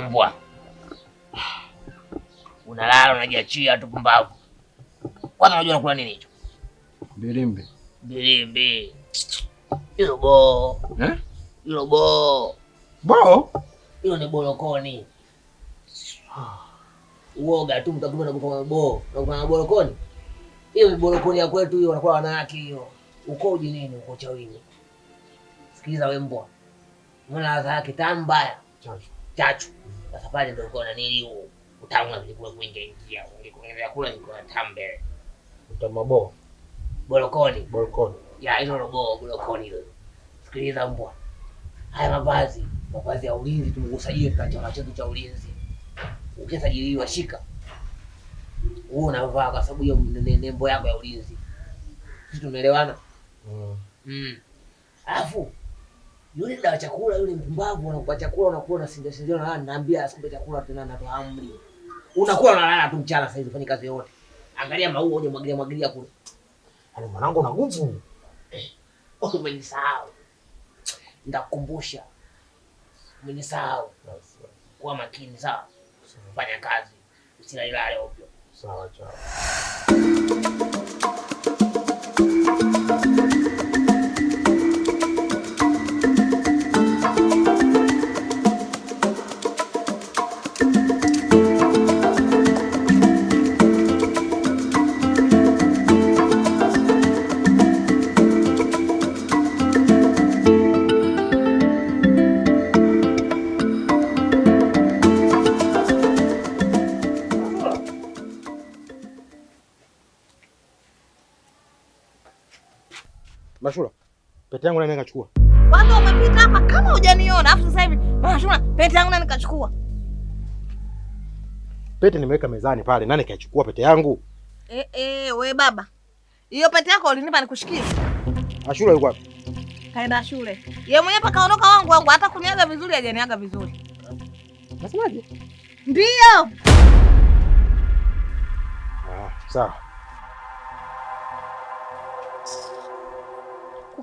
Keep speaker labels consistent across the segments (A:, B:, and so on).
A: Mbwa unalala unajiachia tu pumbavu. Kwanza unajua unakula nini hicho? Bilimbi, bilimbi hilo boo eh? hilo eh? Boo boo hilo ni borokoni. Uoga tu mtakuta na bo na borokoni. Hiyo borokoni ya kwetu hiyo, wanakuwa wanawake hiyo. Uko uji nini uko chawini? Sikiliza we mbwa, mbona adha yake tambaya tatu sasa pale ndio uko nini huo utamu na vilikuwa kuingia ingia ungekuwa kula ni na tamu mbele
B: utamu bolokoni bolokoni
A: ya hilo robo bolokoni hilo sikiliza mbwa haya mavazi mavazi ya ulinzi tumekusajili kwa chama chetu cha ulinzi ukisajiliwa shika wewe unavaa kwa sababu hiyo nembo yako ya ulinzi sisi tunaelewana mm. mm. alafu yule dawa chakula yule mpumbavu anakupa chakula unakula na unasinda sinda na ah, naambia asikupe ah, chakula tena na natoa amri. Unakuwa unalala tu mchana sasa ufanye kazi yote. Angalia maua uje mwagilia mwagilia kule.
B: Yaani mwanangu una nguvu. Eh.
A: Umenisahau. Ndakukumbusha. Umenisahau. Kuwa makini sawa. Fanya kazi. Usilale ovyo.
B: Sawa chao. Mashura, pete yangu nani kachukua?
C: Watu wamepita hapa kama hujaniona, afu sasa hivi Mashura, pete yangu nani kachukua?
B: Pete nimeweka mezani pale, nani kachukua pete yangu?
C: Eh, eh, we baba. Hiyo pete yako ulinipa nikushikie. Ashura yuko wapi? Kaenda shule. Yeye mwenyewe pakaondoka wangu wangu hata kuniaga vizuri hajaniaga vizuri. Nasemaje? Ndio.
B: Ah, sawa.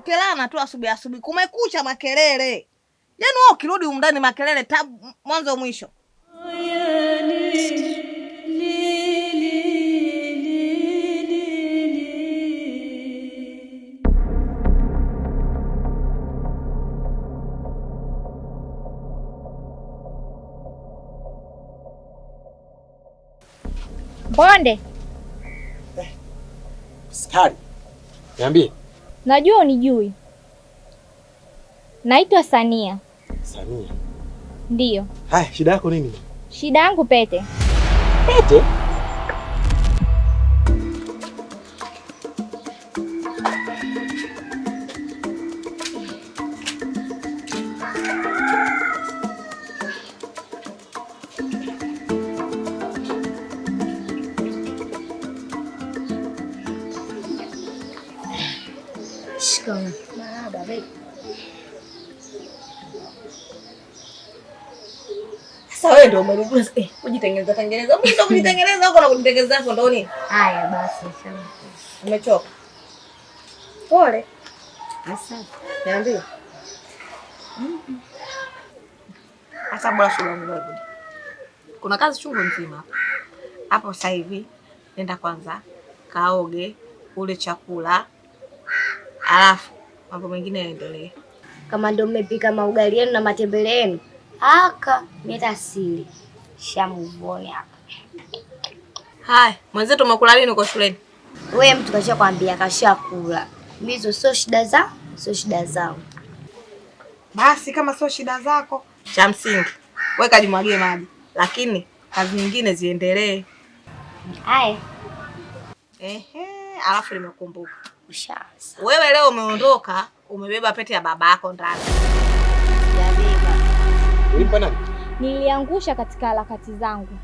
C: ukelala tu asubuhi asubuhi, kumekucha, makelele. Yaani wewe ukirudi umndani makelele tabu mwanzo mwisho.
D: Bonde
B: eh, Skari niambie
D: Najua unijui. Naitwa Sania. Sania? Ndio.
B: Haya, shida yako nini?
D: Shida yangu pete.
B: Pete?
E: Merhaba.
F: Merhaba. Bek.
E: Sasa wewe ndio umeruhusu eh, kujitengeneza tengeneza. Mbona ndio kujitengeneza huko na kujitengeneza hapo ndio
F: Haya basi.
E: Umechoka. Pole. Asante. Niambie. Mm. bora shule Kuna kazi chungu nzima. Hapo sasa hivi nenda kwanza kaoge ule chakula alafu mambo mengine yaendelee.
F: Kama ndio mmepika maugali yenu na matembele yenu aka meta sili shamuvone hapa.
E: Hai mwenzetu, umekula nini uko shuleni?
F: We mtu kasha kwambia kashakula. Mizo sio shida za sio shida zao.
E: Basi kama sio shida zako, cha msingi we kajimwagie maji, lakini kazi nyingine ziendelee. Haya, ehe, alafu nimekumbuka
F: kushaza.
E: Wewe leo umeondoka, umebeba pete ya yako ndani.
B: Ulimpa nani?
D: Niliangusha katika harakati zangu,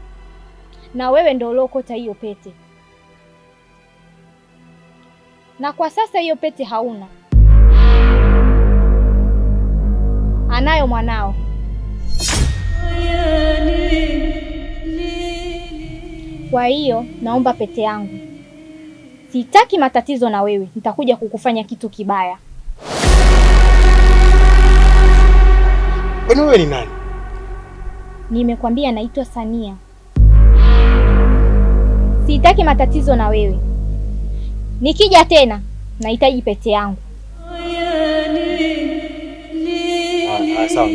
D: na wewe ndio uliokota hiyo pete, na kwa sasa hiyo pete hauna, anayo mwanao. Kwa hiyo naomba pete yangu. Sitaki matatizo na wewe, nitakuja kukufanya kitu kibaya.
B: Kwani wewe ni nani?
D: Nimekwambia naitwa Sania. Sitaki matatizo na wewe. Nikija tena nahitaji pete yangu. Ah, ah, sawa.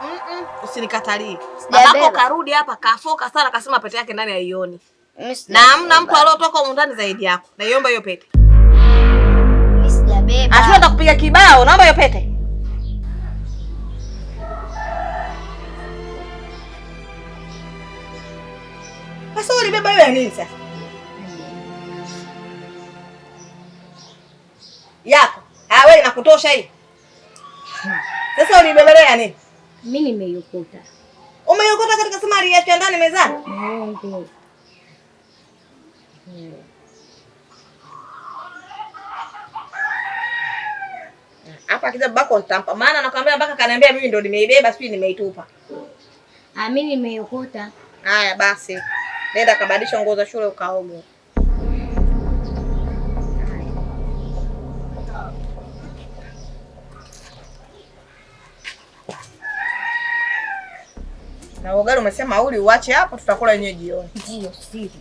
E: Mm -mm, usinikatalie. Babako karudi hapa kafoka sana, kasema pete yake ndani haioni na hamna mtu aliotoka undani zaidi yako. Naiomba hiyo pete. Akienda kupiga kibao, naomba hiyo pete. Sasa ulibeba hiyo ya nini sasa? Yako. Ah, wewe inakutosha hii? Sasa ulibebelea nini?
F: Mimi nimeiokota.
E: Umeiokota katika samari ya ndani mezani? Eh, eh, hapa kiza bako nitampa. Maana nakwambia mpaka kaniambia mimi ndo nimeibeba sijui nimeitupa.
F: Ah, mimi nimeiokota.
E: Haya basi. Nenda kabadilisha nguo za shule ukaoge. Na ugali umesema uli uache hapo, tutakula wenyewe jioni.
F: Ndio siri.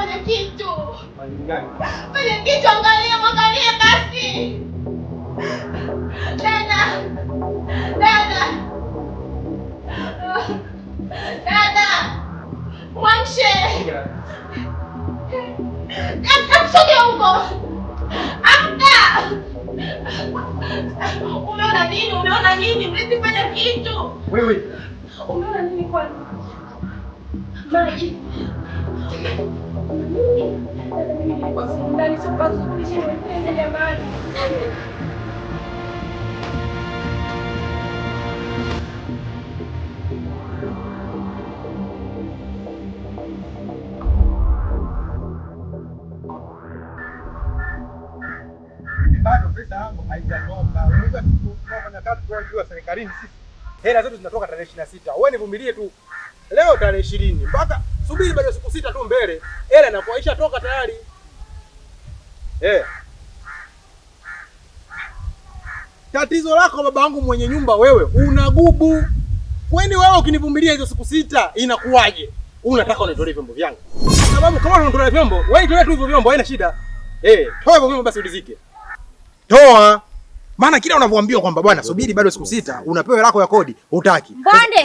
G: fanya kitu, fanya kitu, angalia, mwangalie basi. Dada, dada, dada, mwamshe, amsoge huko, amka. Umeona nini? Umeona nini? Mlisi, fanya kitu. Wewe umeona nini? Kwani maji
H: serikalini sisi. Hela zetu zinatoka tarehe 26. Wewe nivumilie tu. Leo tarehe 20 mpaka subiri bado siku sita tu mbele, hela inakuwa ishatoka tayari eh. Tatizo lako baba wangu mwenye nyumba, wewe una gubu. Kwani wewe ukinivumilia hizo siku sita inakuwaje? Unataka unitolee vyombo vyangu? Sababu kama unatolea vyombo, wewe nitolee tu hivyo vyombo, haina shida eh. Toa hivyo vyombo basi ulizike, toa maana kila unavyoambiwa kwamba bwana, subiri bado siku sita, unapewa lako ya kodi, hutaki. Mbonde,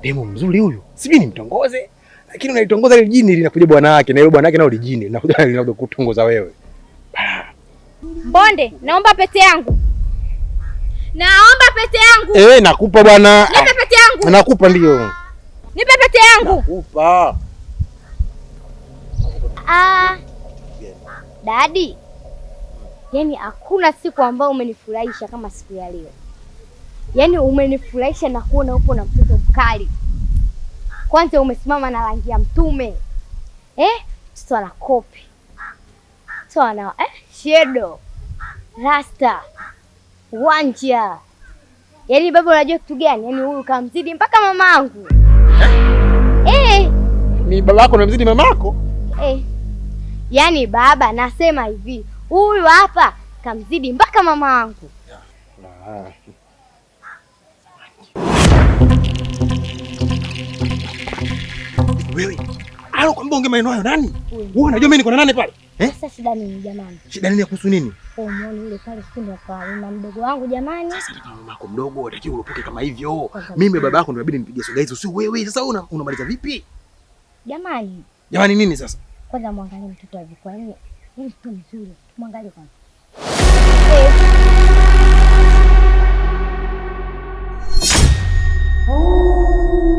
H: demo mzuri huyu, sijui nimtongoze, lakini unaitongoza ile jini linakuja bwana wake, na yule bwana wake nao lijini linakuja linakuja kutongoza wewe.
D: Bonde, naomba pete yangu, naomba pete yangu.
H: Eh, nakupa bwana,
D: nipe pete yangu,
H: nakupa. Ndio,
D: nipe pete yangu,
H: nakupa.
I: Ah, dadi, yani hakuna siku ambayo umenifurahisha kama siku ya leo. Yaani umenifurahisha na kuona upo na mtoto mkali. Kwanza umesimama na rangi ya mtume eh? Mtoto ana kopi, mtoto ana eh? shedo rasta wanja. Yaani baba, unajua kitu gani? Yaani huyu kamzidi mpaka mamangu eh? Eh.
H: Ni baba yako namzidi mamako
I: eh? Yaani baba, nasema hivi huyu hapa kamzidi mpaka mamangu yeah. Ah.
H: Wewe alo kwa mbonge maneno hayo nani? Wewe unajua mimi niko na nani pale?
I: Eh? Sasa shida nini jamani?
H: Shida nini kuhusu nini?
I: Oh, muone yule pale sindo kwa na mdogo wangu jamani.
H: Sasa ni mama yako mdogo, unatakiwa ulopoke kama hivyo. Mimi baba yako ndio inabidi nipige soga hizo, si wewe. Sasa wewe unamaliza vipi? Jamani. Jamani nini sasa?
I: Kwanza mwangalie mtoto wa kwa nini? Ni mtu mzuri. Mwangalie kwanza. Oh.